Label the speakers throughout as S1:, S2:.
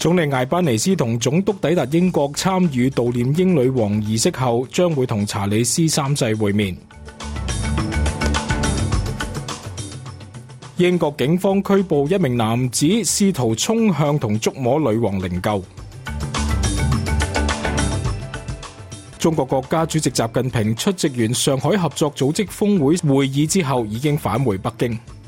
S1: 總理艾班尼斯同總督抵達英國參與悼念英女王儀式後，將會同查理斯三世會面。英國警方拘捕一名男子試圖衝向同觸摸女王靈柩。中國國家主席習近平出席完上海合作組織峰會會議之後已經返回北京。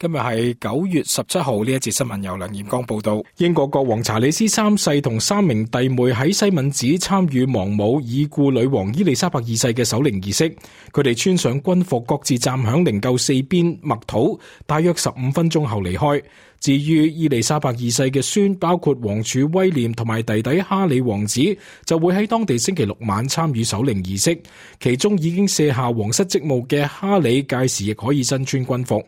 S1: 今日係九月十七號，呢一節新聞由梁艷光報道。英國國王查理斯三世同三名弟妹喺西敏寺參與亡母已故女王伊麗莎白二世嘅守靈儀式。佢哋穿上軍服，各自站響靈柩四邊默禱，大約十五分鐘後離開。至於伊利沙伯二世嘅孫，包括王儲威廉同埋弟弟哈里王子，就會喺當地星期六晚參與守靈儀式。其中已經卸下皇室職務嘅哈里，屆時亦可以身穿軍服。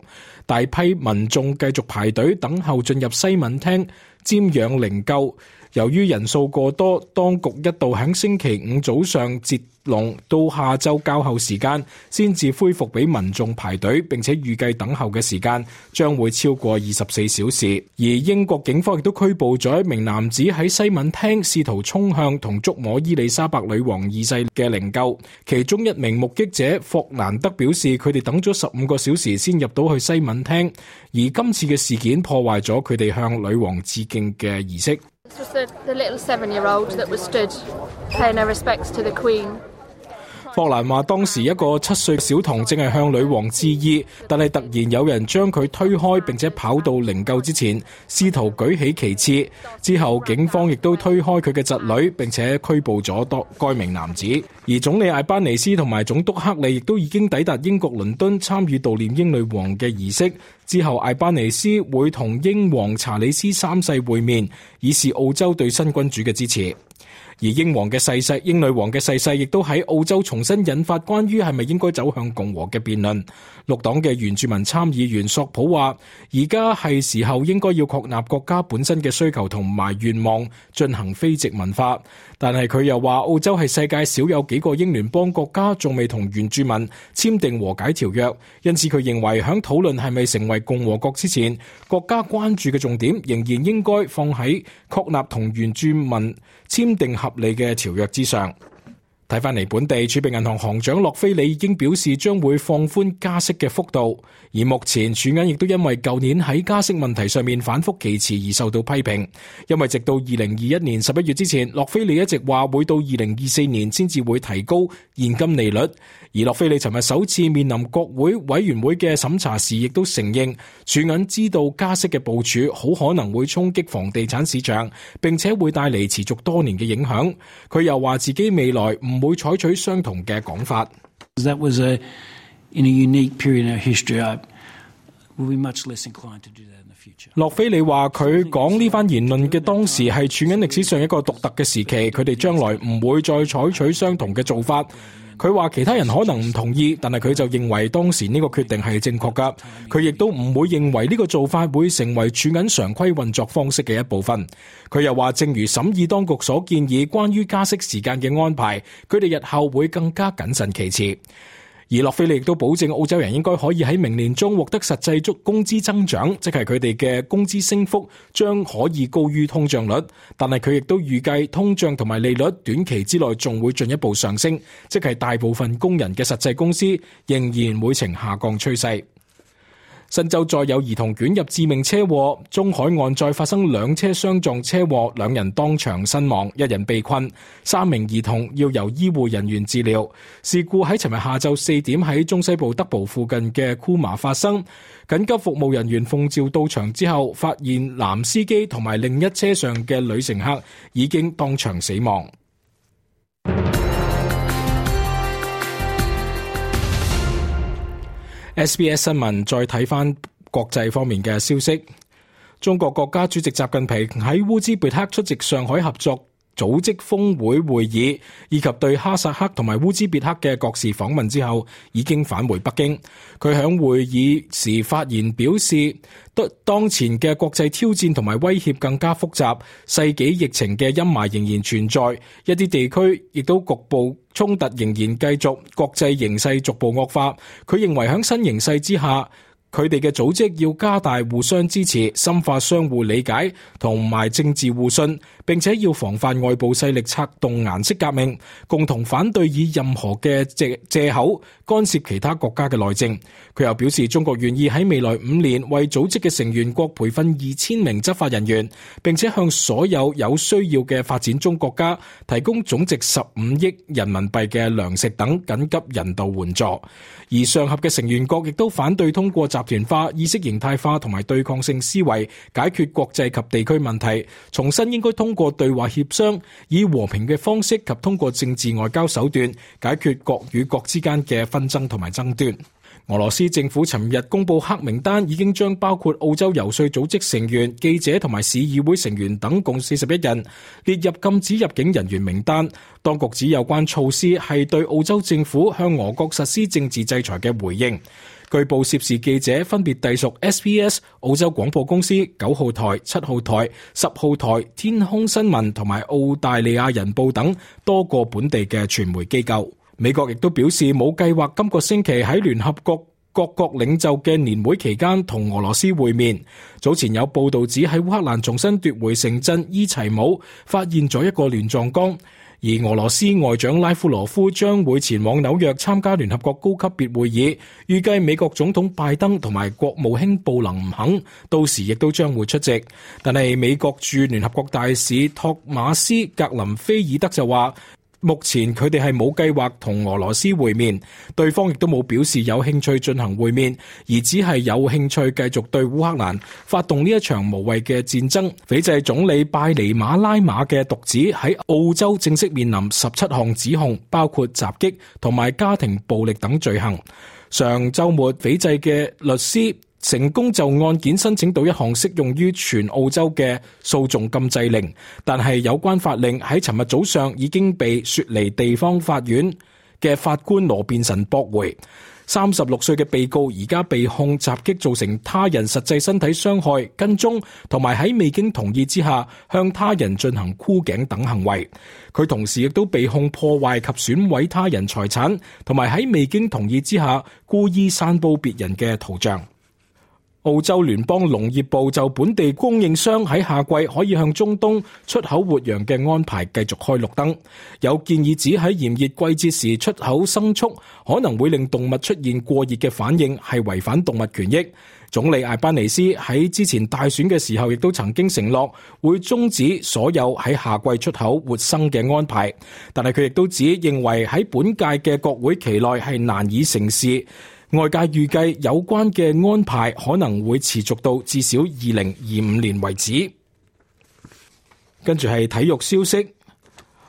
S1: 大批民眾繼續排隊等候進入西敏廳瞻仰靈柩。由於人數過多，當局一度喺星期五早上截龍到下晝交後時間先至恢復俾民眾排隊，並且預計等候嘅時間將會超過二十四小時。而英國警方亦都拘捕咗一名男子喺西敏廳試圖衝向同捉摸伊麗莎白女王二世嘅靈柩。其中一名目擊者霍蘭德表示，佢哋等咗十五個小時先入到去西敏廳，而今次嘅事件破壞咗佢哋向女王致敬嘅儀式。霍蘭話：當時一個七歲小童正係向女王致意，但係突然有人將佢推開，並且跑到靈柩之前，試圖舉起旗子。之後警方亦都推開佢嘅侄女，並且拘捕咗多該名男子。而總理艾巴尼斯同埋總督克利亦都已經抵達英國倫敦參與悼念英女王嘅儀式。之後艾巴尼斯會同英皇查理斯三世會面，以示澳洲對新君主嘅支持。而英王嘅逝世，英女王嘅逝世，世，亦都喺澳洲重新引發關於係咪應該走向共和嘅辯論。綠黨嘅原住民參議員索普話，而家係時候應該要確立國家本身嘅需求同埋願望進行非殖民化。但係佢又話澳洲係世界少有幾個英聯邦國家仲未同原住民簽訂和解條約，因此佢認為響討論係咪成為共和國之前，國家關注嘅重點仍然應該放喺確立同原住民簽訂合。合理嘅條約之上。睇翻嚟，本地儲備銀行行長洛菲里已經表示將會放寬加息嘅幅度，而目前儲銀亦都因為舊年喺加息問題上面反覆其詞而受到批評，因為直到二零二一年十一月之前，洛菲里一直話會到二零二四年先至會提高現金利率，而洛菲里尋日首次面臨國會委員會嘅審查時，亦都承認儲銀知道加息嘅部署好可能會衝擊房地產市場，並且會帶嚟持續多年嘅影響。佢又話自己未來唔。唔會採取相同嘅講法。那非你話佢講呢番言論嘅當時，係處緊歷史上一個獨特嘅時期，佢哋將來唔會再採取相同嘅做法。佢話其他人可能唔同意，但係佢就認為當時呢個決定係正確噶。佢亦都唔會認為呢個做法會成為儲銀常規運作方式嘅一部分。佢又話，正如審議當局所建議，關於加息時間嘅安排，佢哋日後會更加謹慎其詞。而洛菲利亦都保證澳洲人應該可以喺明年中獲得實際足工資增長，即係佢哋嘅工資升幅將可以高於通脹率。但係佢亦都預計通脹同埋利率短期之內仲會進一步上升，即係大部分工人嘅實際工資仍然會呈下降趨勢。新州再有兒童捲入致命車禍，中海岸再發生兩車相撞車禍，兩人當場身亡，一人被困，三名兒童要由醫護人員治療。事故喺尋日下晝四點喺中西部德堡附近嘅庫馬發生，緊急服務人員奉召到場之後，發現男司機同埋另一車上嘅女乘客已經當場死亡。SBS 新聞，再睇翻國際方面嘅消息，中國國家主席習近平喺烏茲別克出席上海合作組織峰會會議以及對哈薩克同埋烏茲別克嘅國事訪問之後，已經返回北京。佢響會議時發言表示，當前嘅國際挑戰同埋威脅更加複雜，世紀疫情嘅陰霾仍然存在，一啲地區亦都局部衝突仍然繼續，國際形勢逐步惡化。佢認為響新形勢之下，佢哋嘅組織要加大互相支持、深化相互理解同埋政治互信，並且要防範外部勢力策動顏色革命，共同反對以任何嘅借借口干涉其他國家嘅內政。佢又表示，中國願意喺未來五年為組織嘅成員國培訓二千名執法人員，並且向所有有需要嘅發展中國家提供總值十五億人民幣嘅糧食等緊急人道援助。而上合嘅成員國亦都反對通過集團化、意識形態化同埋對抗性思維，解決國際及地區問題，重新應該通過對話協商，以和平嘅方式及通過政治外交手段，解決國與國之間嘅紛爭同埋爭端。俄羅斯政府尋日公布黑名單，已經將包括澳洲遊說組織成員、記者同埋市議會成員等共四十一人列入禁止入境人員名單。當局指有關措施係對澳洲政府向俄國實施政治制裁嘅回應。據報涉事記者分別隸屬 SBS 澳洲廣播公司、九號台、七號台、十號台、天空新聞同埋澳大利亞人報等多個本地嘅傳媒機構。美國亦都表示冇計劃今個星期喺聯合國各國領袖嘅年會期間同俄羅斯會面。早前有報道指喺烏克蘭重新奪回城鎮伊齊姆，發現咗一個亂葬崗。而俄羅斯外長拉夫羅夫將會前往紐約參加聯合國高級別會議，預計美國總統拜登同埋國務卿布林肯到時亦都將會出席。但係美國駐聯合國大使托馬斯格林菲爾德就話。目前佢哋係冇計劃同俄羅斯會面，對方亦都冇表示有興趣進行會面，而只係有興趣繼續對烏克蘭發動呢一場無謂嘅戰爭。斐濟總理拜尼馬拉馬嘅獨子喺澳洲正式面臨十七項指控，包括襲擊同埋家庭暴力等罪行。上周末，斐濟嘅律師，成功就案件申請到一項適用於全澳洲嘅訴訟禁制令，但係有關法令喺尋日早上已經被雪梨地方法院嘅法官羅便臣駁回。三十六歲嘅被告而家被控襲擊，造成他人實際身體傷害、跟蹤、跟蹤同埋喺未經同意之下向他人進行箍頸等行為。佢同時亦都被控破壞及損毀他人財產，同埋喺未經同意之下故意散布別人嘅圖像。澳洲聯邦農業部就本地供應商喺夏季可以向中東出口活羊嘅安排繼續開綠燈，有建議指喺炎熱季節時出口生畜可能會令動物出現過熱嘅反應，係違反動物權益。總理艾巴尼斯喺之前大選嘅時候亦都曾經承諾會終止所有喺夏季出口活生嘅安排，但係佢亦都指認為喺本屆嘅國會期內係難以成事。外界預計有關嘅安排可能會持續到至，至少二零二五年為止。跟住係體育消息，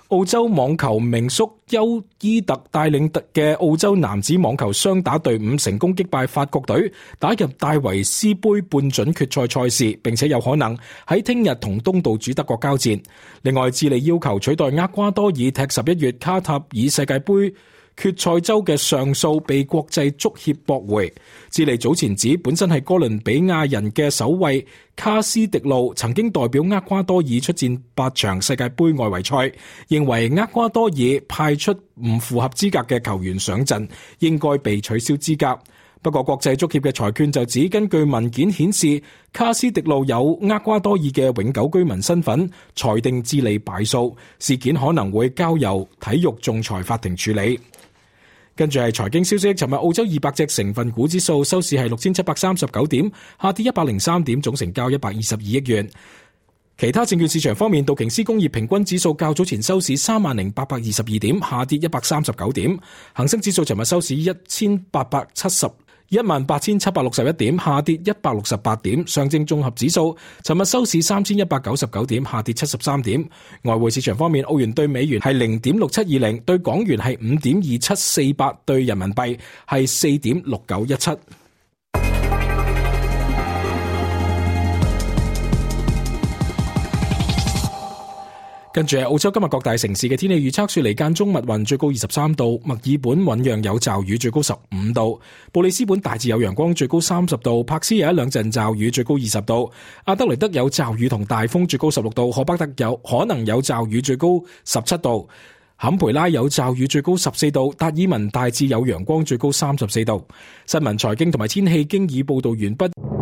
S1: 澳洲網球名宿休伊特帶領嘅澳洲男子網球雙打隊伍成功擊敗法國隊，打入戴維斯杯半準決賽賽事，並且有可能喺聽日同東道主德國交戰。另外，智利要求取代厄瓜多爾踢十一月卡塔爾世界盃決賽週嘅上訴被國際足協駁回。智利早前指本身係哥倫比亞人嘅守衛卡斯迪路曾經代表厄瓜多爾出戰八場世界盃外圍賽，認為厄瓜多爾派出唔符合資格嘅球員上陣，應該被取消資格。不過國際足協嘅裁決就指，根據文件顯示，卡斯迪路有厄瓜多爾嘅永久居民身份，裁定智利敗訴。事件可能會交由體育仲裁法庭處理。跟住係財經消息，尋日澳洲二百隻成分股指數收市係六千七百三十九點，下跌一百零三點，總成交一百二十二億元。其他證券市場方面，道瓊斯工業平均指數較早前收市三萬零八百二十二點，下跌一百三十九點；恒生指數尋日收市一千八百七十，一萬八千七百六十一點，下跌一百六十八點。上證綜合指數尋日收市三千一百九十九點，下跌七十三點。外匯市場方面，澳元對美元係零點六七二零，對港元係五點二七四八，對人民幣係四點六九一七。跟住係澳洲今日各大城市嘅天氣預測，雪梨間中密雲，最高二十三度；墨爾本醞釀有驟雨，最高十五度；布里斯本大致有陽光，最高三十度；帕斯有一兩陣驟雨，最高二十度；阿德雷德有驟雨同大風，最高十六度；荷伯特有可能有驟雨，最高十七度；坎培拉有驟雨，最高十四度；達爾文大致有陽光，最高三十四度。新聞財經同埋天氣經已報道完畢。